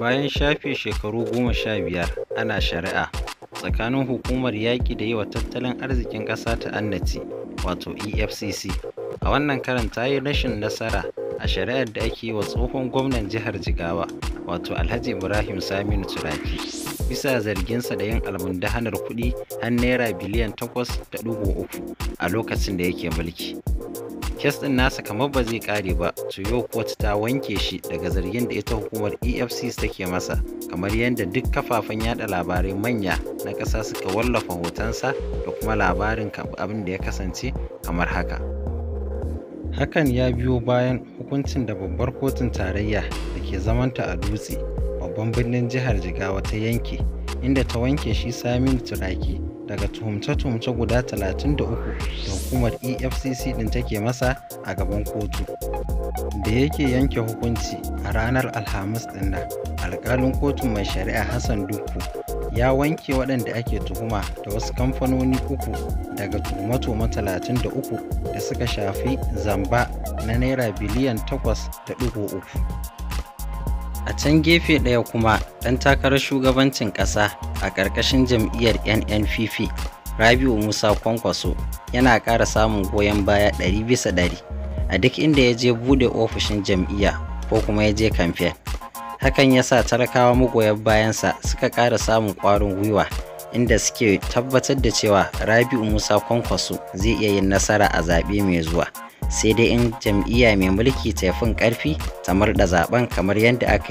bayan shafe shekaru goma sha biyar ana shari'a tsakanin hukumar yaƙi da yi wa tattalin arzikin ƙasa ta annati wato efcc a wannan karan ta yi rashin nasara a shari'ar da ake yi wa tsohon gwamnan jihar jigawa wato alhaji ibrahim saminu turaki bisa zarginsa da yin almundahanar kuɗi har naira biliyan 8.3 a lokacin da yake mulki kes ɗin nasa kamar ba zai kare ba to yau court ta wanke shi daga zargin da ita hukumar efcc take masa kamar yadda duk kafafen yada labarai manya na ƙasa suka wallafa hotonsa da kuma labarin abin da ya kasance kamar haka hakan ya biyo bayan hukuncin da babbar kotun tarayya da ke zamanta a dutse babban birnin jihar jigawa ta yanke inda ta wanke shi Saminu Turaki daga tuhumce-tuhumce guda 33 da hukumar EFCC ɗin take masa a gaban kotu. Da yake yanke hukunci a ranar Alhamis din nan, alkalin kotun mai shari'a Hassan Dukku ya wanke waɗanda ake tuhuma da wasu kamfanoni uku daga tuhume-tuhume 33 da suka shafi zamba na naira biliyan 8.3. A can gefe ɗaya kuma ɗan takarar shugabancin ƙasa a ƙarƙashin jam'iyyar NNPP Rabiu Musa Kwankwaso yana ƙara samun goyon baya ɗari a duk inda ya je buɗe ofishin jam'iyya ko kuma ya je kamfen. Hakan ya sa talakawa magoyan bayansa suka ƙara samun ƙwarin gwiwa inda suke tabbatar da cewa Rabiu Musa Kwankwaso zai iya yin nasara a zaɓe mai zuwa. sai dai in jam'iyya mai mulki ta fin ƙarfi ta murda zaben kamar yadda aka